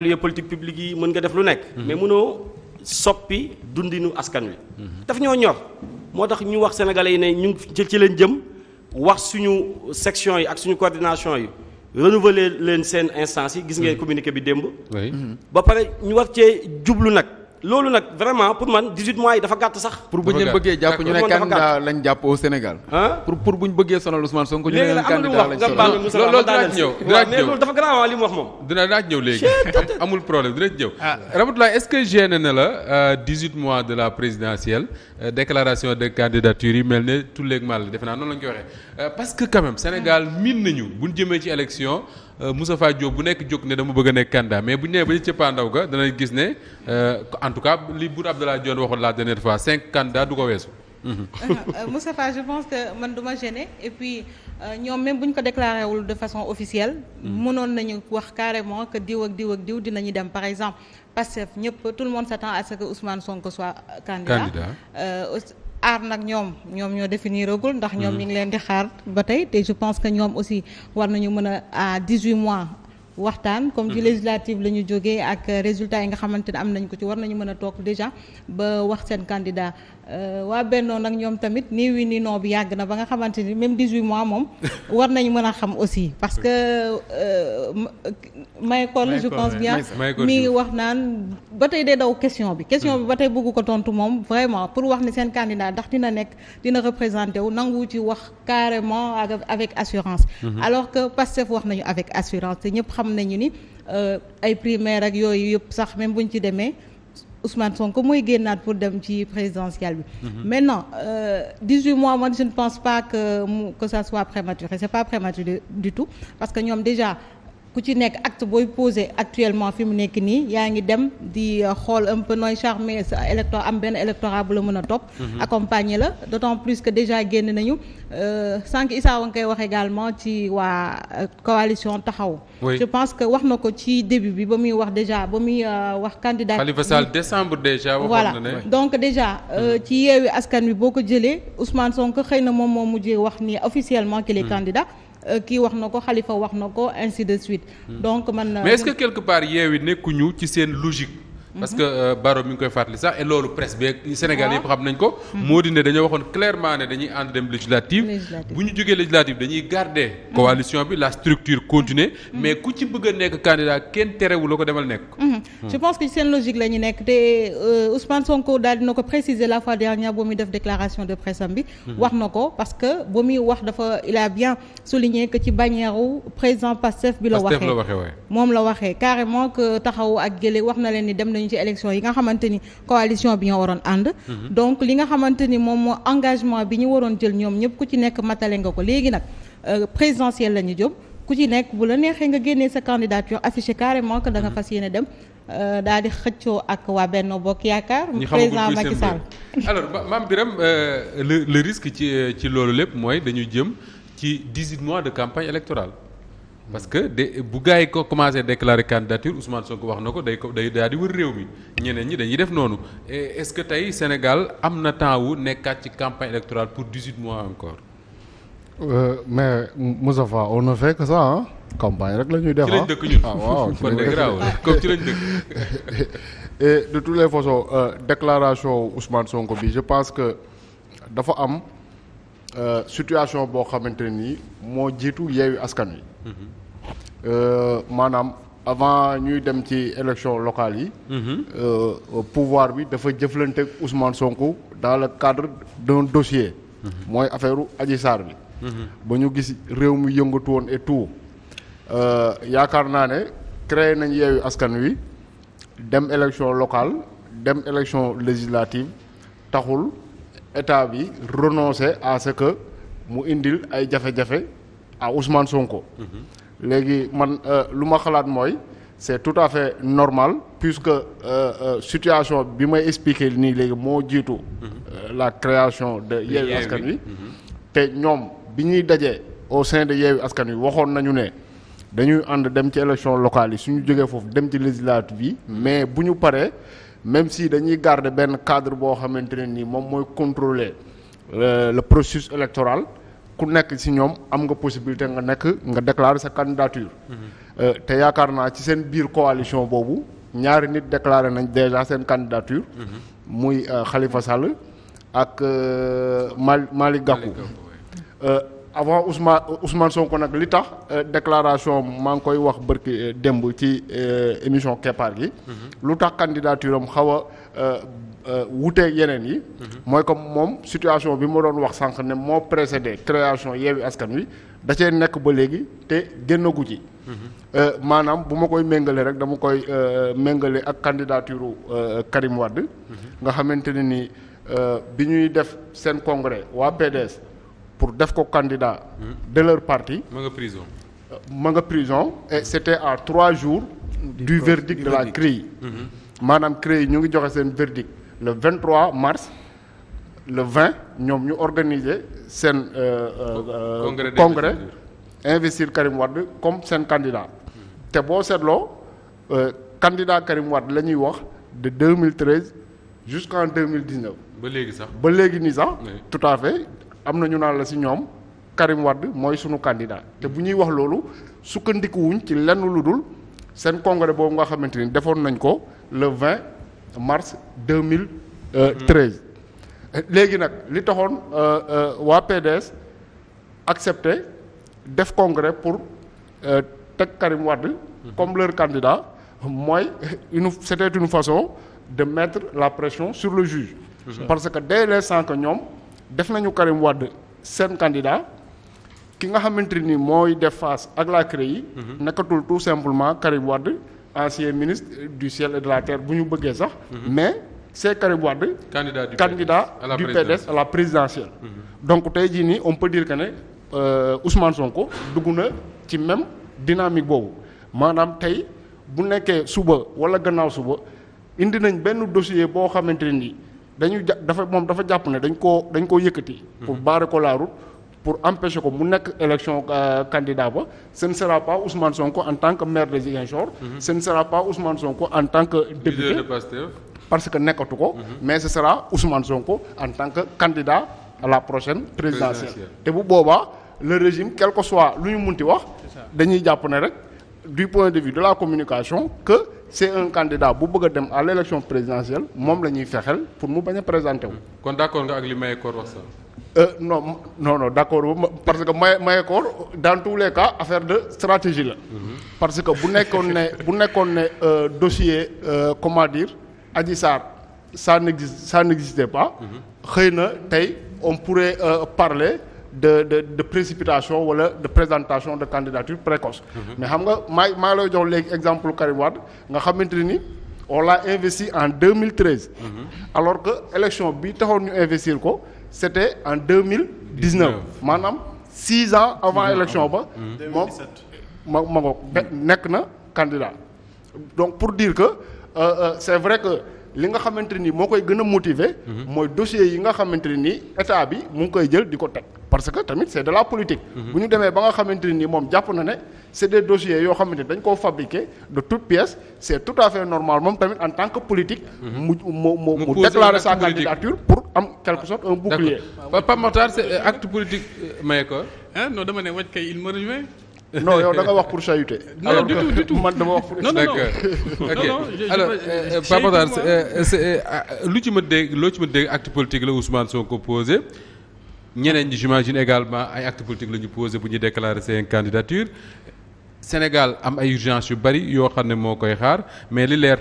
lieu politique publique yi mën nga def lu nekk mhm. mais mënoo soppi dundinu askan wi mhm. daf ñoo ñor moo tax ñu wax sénégalais yi ne ñu ngi ci leen jëm wax suñu section yi ak suñu coordination yi renouveler leen seen instance yi gis ngeen mhm. communiqué bi démb ba pare ñu wax cee jublu nag loolu nag vraiment pour man 18 mois yi dafa gàtt sax. pour bu ñu bëggee jàpp ñu ne candidat lañ jàpp au Sénégal. pour pour bu ñu bëggee sonal Ousmane Sonko ñu ne leen candidat lañ wax nga baal ma Moussa mais loolu dafa garaaw li mu wax moom. dina daa ñëw léegi amul problème dina ñëw. ah Ramatoulaye est-ce que gêné na la 18 euh, mois de la présidentielle euh, déclaration de candidature yi mel ne tulleeg mal defe naa noonu la ñu koy waxee euh, parce que quand Sénégal miin nañu bu ñu jëmee ci élection. Euh, Moustapha Diop bu nekk jóg ne dama bëgg a nekk candidat mais bu ñu nee ba ci pandaw ga danañ gis ne euh, en tout cas li Boun Abdallah Dionne waxoon la dernière fois cinq candidats du ko weesu. Euh, Moustapha je pense que man du ma gêné et puis ñoom même bu ñu ko déclaré wul de façon officielle. Hmm. mënoon nañu wax carrément que diw ak diw ak diw dinañu dem par exemple Pastef ñëpp tout le monde s'attend à ce que Ousmane sonk soit candidat. aar nag ñoom ñoom ñoo définiragul ndax ñoom hmm. ñu ngi leen di xaar ba tey te je pense que ñoom aussi war nañu mën a à 18 mois waxtaan comme ci mhm. législative la ñu jógee ak résultat yi nga xamante ne am nañ ko ci war nañu mën a toog déjà ba wax seen candidat euh, waa bennoo ak ñoom tamit nii wii nii non bi yàgg na ba nga xamante ni même 18 mois moom war nañu mën a xam aussi parce que euh, Mahécole je pense mi ngi wax naan ba tey dee daw question bi question bi mhm. ba tey bëgg ko tontu moom vraiment pour wax ni seen candidat ndax dina nekk dina représenté wu nangu ci wax carrément avec assurance mhm. alors que Pastef wax nañu avec assurance xam nañu ni euh, ay primaire ak yooyu yëpp sax même buñ ci demee Ousmane Sonko mooy génnaat pour dem ci présidentielle bi. Mhm. maintenant euh, dix huit mois man je ne pense pas que que ça soit prématuré c'est pas prématuré du tout parce que ñoom déjà. ku ci nekk acte booy posé actuellement fi mu nekk nii yaa ngi dem di euh, xool un peu nooy charmer sa électorat am benn électorat bu la mën a topp. Mhm. accompagner la d' plus que déjà génn nañu euh, sànq Issa wa nga koy wax également ci waa euh, coalition taxaw. je pense que wax na ko ci début bi ba muy wax déjà ba muy wax candidat. Khalifa Sall décembre déjà. voilà donc déjà mhm. ci yeewi askan wi boo ko jëlee Ousmane sonk xëy na moom moo mujjee wax ni officiellement qu'il est mhm. candidat. Euh, kii wax na ko xalifa wax na ko ainsi de suite. Hmm. donc man. Euh, mais est-ce que quelque yeewi nekkuñu ci seen logique. parce que euh, Baro mi ngi koy fàttali sax et loolu presse bi ak Sénégal yëpp xam nañ ko. Hmm. moo di ne dañoo waxoon clairement ne dañuy ànd dem législative. bu ñu jógee législative dañuy garder. coalition bi la structure continuer hmm. mais ku ci bëgg a nekk candidat kenn terewul la ko demal nekk. Hmm. je pense que ci seen logique la nekk te euh, Ousmane Sonko daal dina ko préciser la fois dernière boo muy def déclaration de presse bi. wax na ko parce que boo muy wax dafa il a bien bi ci élection yi nga xamante ni coalition bi ñoo waroon ànd mhm. donc li nga xamante ni moom moo engagement bi ñu waroon jël ñoom ñëpp ku ci nekk matale nga ko léegi nag euh, présidentielle la ñu jëm ku ci nekk bu la neexee nga génnee sa candidature affiché carrément que da nga mhm. fas yéene dem euh, daal di xëccoo ak waa benn Bokk Yaakaar président Macky Sall alors maam Birame euh, le le risque ci ci loolu lépp mooy dañu jëm ci 18 mois de campagne électorale parce que de bu gars yi ko commencé déclarer candidature Ousmane Sonko wax na ko day ko day daal di wër mi ñeneen ñi dañuy def noonu est-ce que tey Sénégal am na temps wu nekkaat ci campagne électorale pour 18 mois encore. Euh, mais Moustapha on ne fait que rek la ñuy def ah ci comme ci lañ dëkk. les façons euh, déclaration Ousmane Sonko bi je pense que dafa am euh, situation boo xamante nii moo jiitu yeewu askan wi. Euh, maanaam avant ñuy dem ci élection locale yi. Euh, euh, pouvoir bi dafa jëflante ak Ousmane Sonko dans le cadre d'un dossier. mooy affaire Adji Sarr bi. ba ñu gis réew mi yëngatu woon et tout yaakaar naa ne créé nañ yeewu askan wi dem élection locale dem élection législative taxul état bi renoncer à ce que mu indil ay jafe-jafe. à Ousmane Sonko. léegi man euh, lu ma xalaat mooy c'est tout à fait normal puisque euh, euh situation bi may expliquer nii léegi moo jiitu. Euh, la création de Yewwi Askan Wi. Mhm. te ñoom bi ñuy dajee au sein de Yewwi Askan Wi waxoon nañu ne dañuy ànd dem ci élection locale yi suñu jógee foofu dem ci législative yi mhm. mais bu ñu paree même si dañuy garde benn cadre boo xamante ne nii moom mooy contrôler le processus électoral. ku nekk ci ñoom am nga possibilité nga nekk nga déclarer sa candidature. Euh, te yaakaar naa ci seen biir coalition boobu ñaari nit déclarer nañ déjà seen candidature. muy xalifa euh, Sall ak euh, Mali Malick Gakou. avant Ousmane Ousmane Sonko nag li tax déclaration maa ngi koy wax bërki démb ci émission keppaar gi. Mhm. lu tax candidature am Euh, wuuteeg yeneen yi. Mhm. mooy comme moom situation bi ma doon wax sànq ne moo précédé création Yewwi Askan Wi da cee ba léegi te génnagu ci. Mhm. Euh, maanaam bu ma koy méngale rek dama koy euh, méngale ak candidature Karim Wade. Mhm. nga xamante ne ni bi ñuy def seen congrès waa pour def ko candidat. de leur parti. ma nga prison. ma nga prison et c'était trois jours. du verdict de la CREI. maanaam CREI ñu ngi joxe seen verdict. le 23 mars le 20 ñoom ñu organiser seen. Euh, euh, euh, congrès congrès investir Karim Wade comme seen candidat. te boo seetloo candidat Karim Wade la ñuy wax de 2013 jusqu'en 2019. ba léegi sax ba léegi nii sax. tout à fait am na ñu naan la si ñoom. Karim Wade mooy sunu candidat te bu ñuy wax loolu sukkandikuwuñ ci lenn lu dul seen congrès boobu nga xamante ni defoon nañ ko le 20 mars 2013. léegi nag li taxoon euh, euh, waa PDS accepté def congrès pour euh, teg Karim wàdd comme leur candidat mooy une c'était une façon de mettre la pression sur le juge parce que dès les que ñoom def nañu Karim Wade seen candidat ki nga xamante ni mooy def face ak la CREI mhm. nekkatul tout simplement Karim wàdd ancien ministre du ciel et de la terre bu ñu bëggee sax. Mhm. mais c'est Karim Wade. candidat du PDS candidat la présidentielle. Mhm. donc tey jii nii on peut dire que ne euh, Ousmane Sonko dugg na ci même dynamique boobu maanaam tey bu nekkee suba wala gannaaw suba indi nañ benn dossier boo xamante ne nii dañu ja dafa moom dafa jàpp ne dañ koo dañ koo yëkkati. pour mhm. barrer ko la route. pour empêcher ko mu nekk élection euh, candidat ba ce ne sera pas son Sonko en tant que maire de Ziguinchor. ce ne sera pas Ousmane Sonko en tant que mhm. député parce que nekkatu ko. Mhm. mais ce sera Ousmane Sonko en tant que candidat à la prochaine présidentielle. te bu boobaa le régime quel que soit lu ñu ti wax. dañuy jàpp ne rek du point de vue de la communication que c'est un candidat bu bëgg dem à l'élection présidentielle moom lañuy ñuy pour mu baña a wu. kon Euh, non non non d' accord parce que maye maye koor dans tous les cas affaire de stratégie la. Mm-hmm. parce que bu nekkoon ne bu nekkoon ne euh, dossier euh, comment dire Adji Sarr ça n' existe ça n' existait pas. Mm-hmm. xëy na tey on pourrait parler de de de précipitation wala de présentation de candidature précoce. Mm-hmm. mais xam nga may maa lay jox léegi exemple Karim Wade nga xamante ni. on l'a investi en 2013. alors que élection bi taxoon ñu investir ko. c' était en deux mille dix neuf maanaam six ans avant élection ba. Mm. moom ma ma ngoog nekk na candidat. donc pour dire que euh, euh c' est vrai que li nga xamante nii moo koy gën a motiver. Mm-hmm. mooy dossier yi nga xamante nii état bi mu ngi koy jël di ko teg. parce que tamit c'est de la politique. Mhm. bu ñu demee ba nga xamante ni moom jàpp na ne c'est des dossiers yoo xamante ni dañ koo fabriqué de toutes pièces c'est tout à fait normal moom tamit en tant que politique. Mhm. mu mu mu mu déclarer sa candidature pour am quelque ah, sorte un bouclier. d'accord Pape Makhtar c'est euh, acte politique euh, maye ko. ah dama ne wàcc kay il me rejoint. non yow da wax pour chahuter. non du tout du tout euh, lu ci ma dégg loo ci ma dégg acte politique la Ousmane Sonko posé. ñeneen ñi j'imagine également ay acte politique la ñu posé bu ñuy déclarer seen candidature Sénégal am ay urgence yu bari yoo xam ne moo koy xaar mais li leer.